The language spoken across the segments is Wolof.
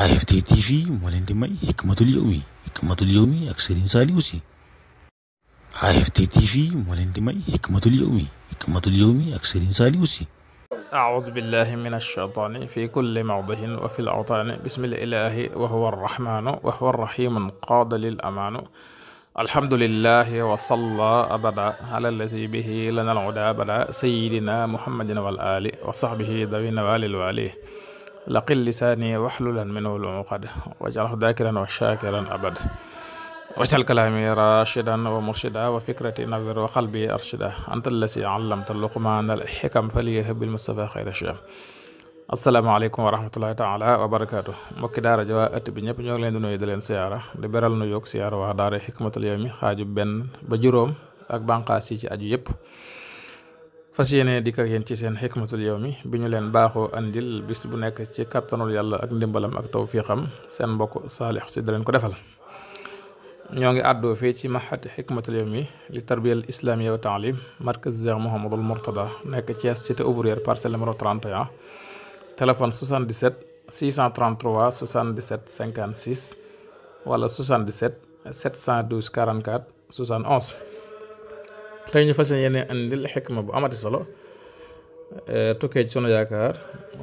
AFT TV moo leen di may xikmatul yawmi xikmatul yawmi ak Serigne Saliou Sy AFT TV moo leen di may xikmatul yawmi xikmatul yawmi ak Serigne Saliou Sy أعوذ بالله من الشيطان في كل موضع وفي الأوطان بسم الإله وهو الرحمن وهو الرحيم قاد للأمان الحمد لله وصلى أبدا على الذي به لنا العدى أبدا سيدنا محمد والآل وصحبه ذوي النوال الوالي laqil lisaani waxlulan minhu lumuqad waj'alhu daakiran wa shaakiran abad waj'al kalaami raashidan wa murshida wa fikrati nawwir wa qalbi arshida anta allasi allamta luqmaana al-xikam falyahab bil mustafa xayra shiyam asalaamaaleykum wa rahmatullahi taala wa barakaatu mbokki daara ji waa ëtt bi ñëpp ñoo ngi leen di nuyu di leen siyaara di beral nu yokk siyaara waa daara xikmatul yawmi xaaju benn ba juróom ak bànqaas yi ci aju yëpp fas yéene di kër yéen ci seen xikmatul yawmi bi ñu leen baaxoo andil bis bu nekk ci kattanul yàlla ak ndimbalam ak tawfiqam seen mbokk saalix si da leen ko defal ñoo ngi àddoo fii ci mahati xikmatul mi li tarbiyal islamiya wa taalim markaz Cheikh Mouhamadul Mourtada nekk ci Thiès cité ouvrière parcelle numéro 31 téléphone 77 633 77 56 wala 77 712 44 71 tey ñu fas yéene andil xikma bu amati solo eh, tukkee ci yaakaar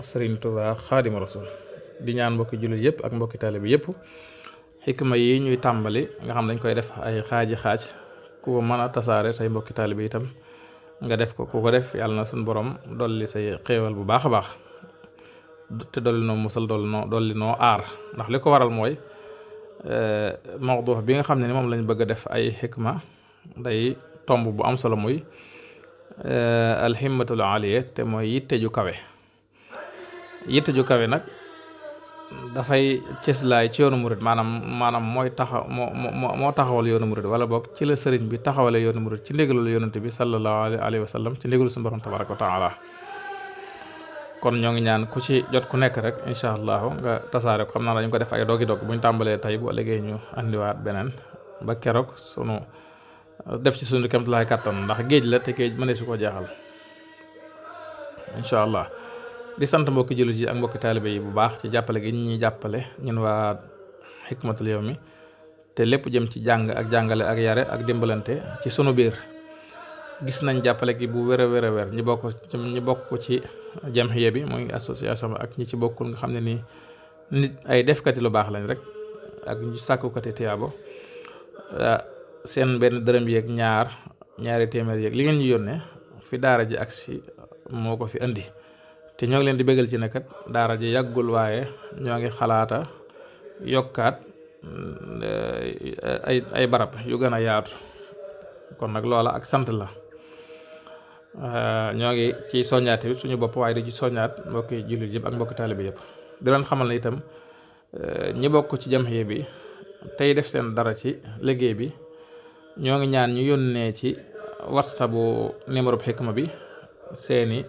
Sëriñ Tuubaa Xaadimu Rasuul di ñaan mbokki jullit yëpp ak mbokki taalibe yëpp xikma yi ñuy tàmbali nga xam dañ koy def ay xaaji xaaj ku ko mën a tasaare say mbokki taalibe itam nga def ko ku ko def yàlla na suñu borom li say xéewal bu baax a baax te dolli noo musal dolli noo dolli noo aar ndax li ko waral mooy eh, mawdu bi nga xam ne ni moom lañ bëgg a def ay xikma day tomb bu am solo muy eh, alhimmatul aliya te mooy yitte ju kawe yitte ju kawe nag dafay cëslaay ci yoonu murid maanaam maanaam mooy taxaw moo moo moo taxawal yoonu murid wala boog ci la sëriñ bi taxawale yoonu murid ci ndigalul yonent bi sallallahu alayhi wa sallam ci ndigalul suñu borom tabaraka wa taala kon ñoo ngi ñaan ku ci jot ku nekk rek incha allahu nga tasaare ko am naa dañu ko def ay doggi dog bu ñu tàmbalee tey boo ëllëgee ñu andiwaat beneen def ci suñu kamt laay kàttan ndax géej la te géej mënee su ko jeexal incha allah di sant mbokki jullit yi ak mbokki taalibe yi bu baax ci jàppale gi ñuy jàppale ñun waa Hikmatul Yawmi te lépp jëm ci jàng ak jàngale ak yare ak dimbalante ci sunu biir gis nañ jàppale gi bu wér a wér a ñi bokk ci ñi bokk ci jamhiya bi muy association ak ñi ci bokkul nga xam ne nii nit ay defkati lu baax lañ rek ak ñu sàkkukati tiyaabo seen benn dërëm yeeg ñaar ñaari téeméer yeeg li ngeen ñu yónnee fi daara ji agsi moo ko fi indi te ñoo ngi leen di bégal ci nekkat daara ji yàggul waaye ñoo ngi xalaata yokkaat eh, ay barab yu gën a yaatu kon nag loola ak sant la eh, ñoo ngi ci soññaate bi suñu bopp waaye di ci soññaat mbokki jullit yëpp ak mbokki taalibe yëpp di leen xamal ne itam eh, ñi bokk ci jamhiya bi tey def seen dara ci liggéey bi ñoo ngi ñaan ñu yónnee ci whatsapp bu numéro Hikma bi seeni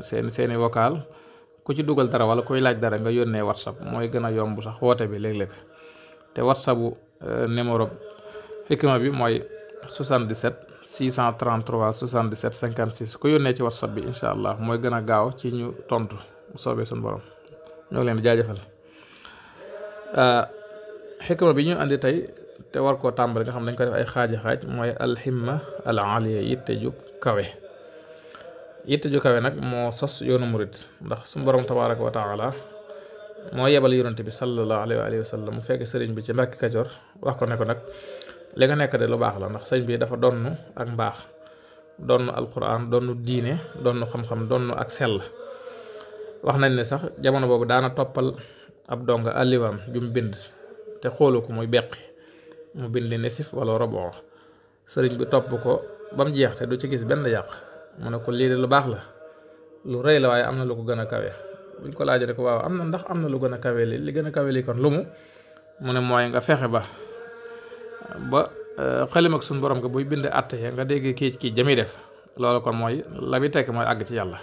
seen seeni vocal ku ci dugal dara wala kuy laaj dara nga yónnee whatsapp mooy gën a yomb sax woote bi léeg-léeg te whatsapp bu euh, numéro Hikma bi mooy 77 633 77 56 ku yónnee ci whatsapp bi incha allah mooy gën a gaaw ci ñu tontu soobee suñu borom ñoo leen di jaajëfal xikma euh, bi ñu andi tey te war koo tàmbali nga xam dañ ko def ay xaaji xaaj mooy alximma al aliya yitte ju kawe yitte ju kawe nag moo sos yoonu murit ndax su borom tabaraka wa taala moo yebal yonante bi sallallahu alayhi wa sallam mu fekk sëriñ bi ci Mbàkke Kajoor wax ko ne ko nag li nga nekk de lu baax la ndax sëriñ bi dafa donn ak mbaax donn alquran donn diine donn xam-xam donn ak sell wax nañ ne sax jamono boobu daana toppal ab dong alliwaam jum bind te xoolu ko muy beqi mu bind nisif wala robo sëriñ bi topp ko ba mu jeex te du ci gis benn yàq mu ne ko lii de lu baax la lu rëy la waaye am na lu ko gën a kawe buñ ko laajee ko waaw am na ndax am na lu gën a kawe li li gën a kawe li kon lu mu mu ne mooy nga fexe ba ba e, xalim ak borom ko buy bind àtte nga dégg kii kii jami def loolu kon mooy la bi tekk mooy àgg ci yàlla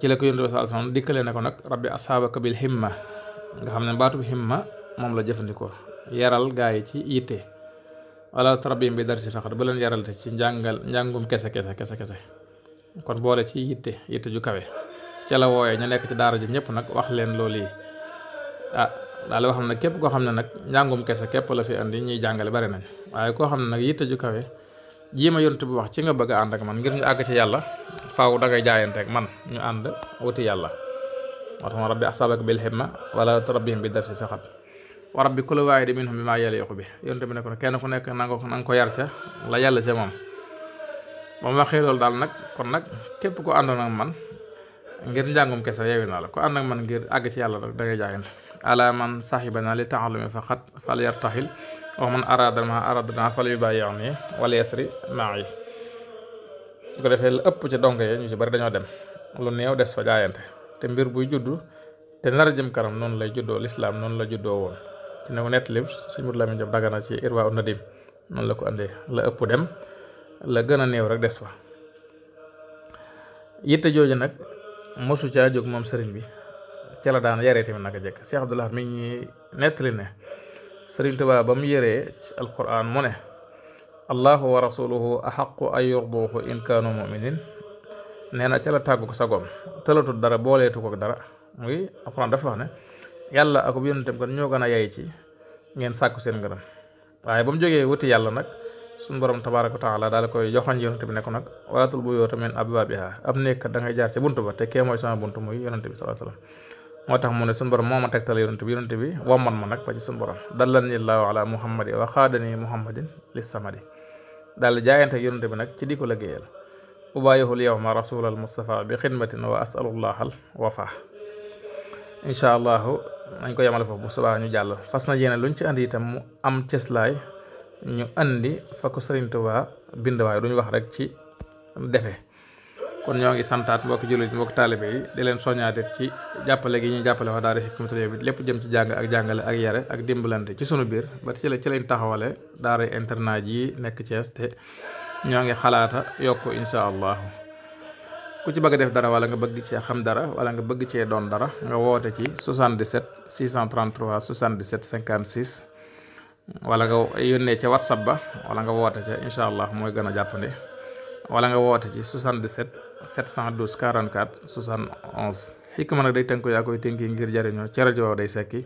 ci la ko yonent bi sallallahu alayhi dikkalee ne ko nag rabbi asaabaka bil himma nga xam ne baatub himma moom la jëfandikoo yaral gaa yi ci yitte wala tarbiyam bi dar si faqat bu leen yaral te ci njàngal njàngum kese kese kese kese kon boole ci yitte yitte ju kawe ca la wooyee ñu nekk ci daara ji ñëpp nag wax leen loolu yi ah daal wax na képp koo xam ne nag njàngum kese képp la fi andi ñuy jàngale bari nañ waaye koo xam ne nag yitte ju kawe jii ma yont bu wax ci nga bëgg a ànd ak man ngir ñu àgg ci yàlla faaw dangay jaayante ak man ñu ànd wuti yàlla moo tax ma rabbi asabak bil himma wala tarbihim bi darsi faqat wa rabbi kulli waahidin minhum bimaa yaliiqu bi yonent bi ne kon kenn ku nekk na ko na nga ko yar ca yàlla ca moom ba mu waxee loolu daal nag kon nag képp ko àndoon ak man ngir njàngum kes yeewi naa la ko ànd ak man ngir àgg ci yàlla rek da jaayante ala man sahibana li ta'allumi faqat fal yartahil wa man arada ma aradna fal yubayi'ni wala yasri ma'i su ko defee la ëpp ci donk yi ñu ci bari dañoo dem lu néew des fa jaayante te mbir buy juddu te nar jëm karam noonu lay juddoo lislaam noonu la juddoo dina ko nettali sëñ Modou Lamine Diop Dagana ci Irwa un Nadim noonu la ko andee la ëpp dem la gën a néew rek des fa yitte jooju nag mosu caa jóg moom sëriñ bi ca la daan yaree tamit naka jekk Cheikh Abdoulaye mi ngi nettali ne sëriñ Tuubaa ba mu yaree ci alquran ne allahu wa rasuluhu axaqu ay yurduuhu in kaanu muminin nee na ca la tàggu ko sagoom tëlatut dara booleetu ko dara muy alquran dafa wax ne yàlla ak yonentam kon ñoo gën a yay ci ngeen sàkku seen ngërëm waaye ba mu jógee wuti yàlla nag suñu borom tabaaraka wa taala daal koy joxoñ yonent bi nekk nag walaatul buyuuta min abwaabihaa ab nekk da ngay jaar ci bunt ba te kee mooy sama bunt muy yonent bi sallallaahu alayhi wa sallam moo tax mu ne suñu borom moo ma tegtal yonent bi yonent bi womman ma nag ba ci suñu borom dallani llaahu ala muhammadi wa muhammadin lis samadi jaayante ak bi nañ ko yemale foofu bu subaa ñu jàll fas na lu ñu ci andi itam mu am cëslaay ñu indi fa ko Sëriñ Tuubaa bind waaye duñ wax rek ci defe kon ñoo ngi santaat mbokki jullit mbokki taalibe yi di leen soññaat ci jàppale gi ñuy jàppale waa daara Hikmatul Yawmi bi lépp jëm ci jàng ak jàngale ak yare ak dimbalante ci sunu biir ba ci la ci lañ taxawale daara internat yi nekk Thiès te ñoo ngi xalaata yokk incha allah. ku ci bëgg def dara wala nga bëgg cee xam dara wala nga bëgg cee doon dara nga woote ci 77 633 77 56 wala nga yónnee ca whatsapp ba wala nga woote ca incha allah mooy gën a jàppande wala nga woote ci 77 712 44 71 xikma nag day tënku yaa koy tenki ngir jëriñoo ci rajo day sekki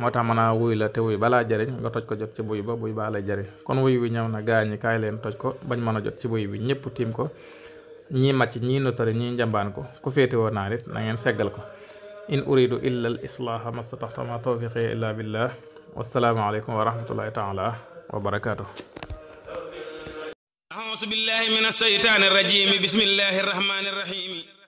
moo tax mën a wuy la te wuy balaa jëriñ nga toj ko jot ci buy ba buy baa lay jëriñ kon wuy wi ñëw na gaañi kaay leen toj ko bañ mën a jot ci buy bi ñëpp tiim ko ñii màcc ñii notari ñii njambaan ko ku féetewoo naar it na ngeen seggal ko in uridu illa al islaaha mastataxta ma tawfiqi illa billah wassalaamu aleykum wa rahmatullahi taala wa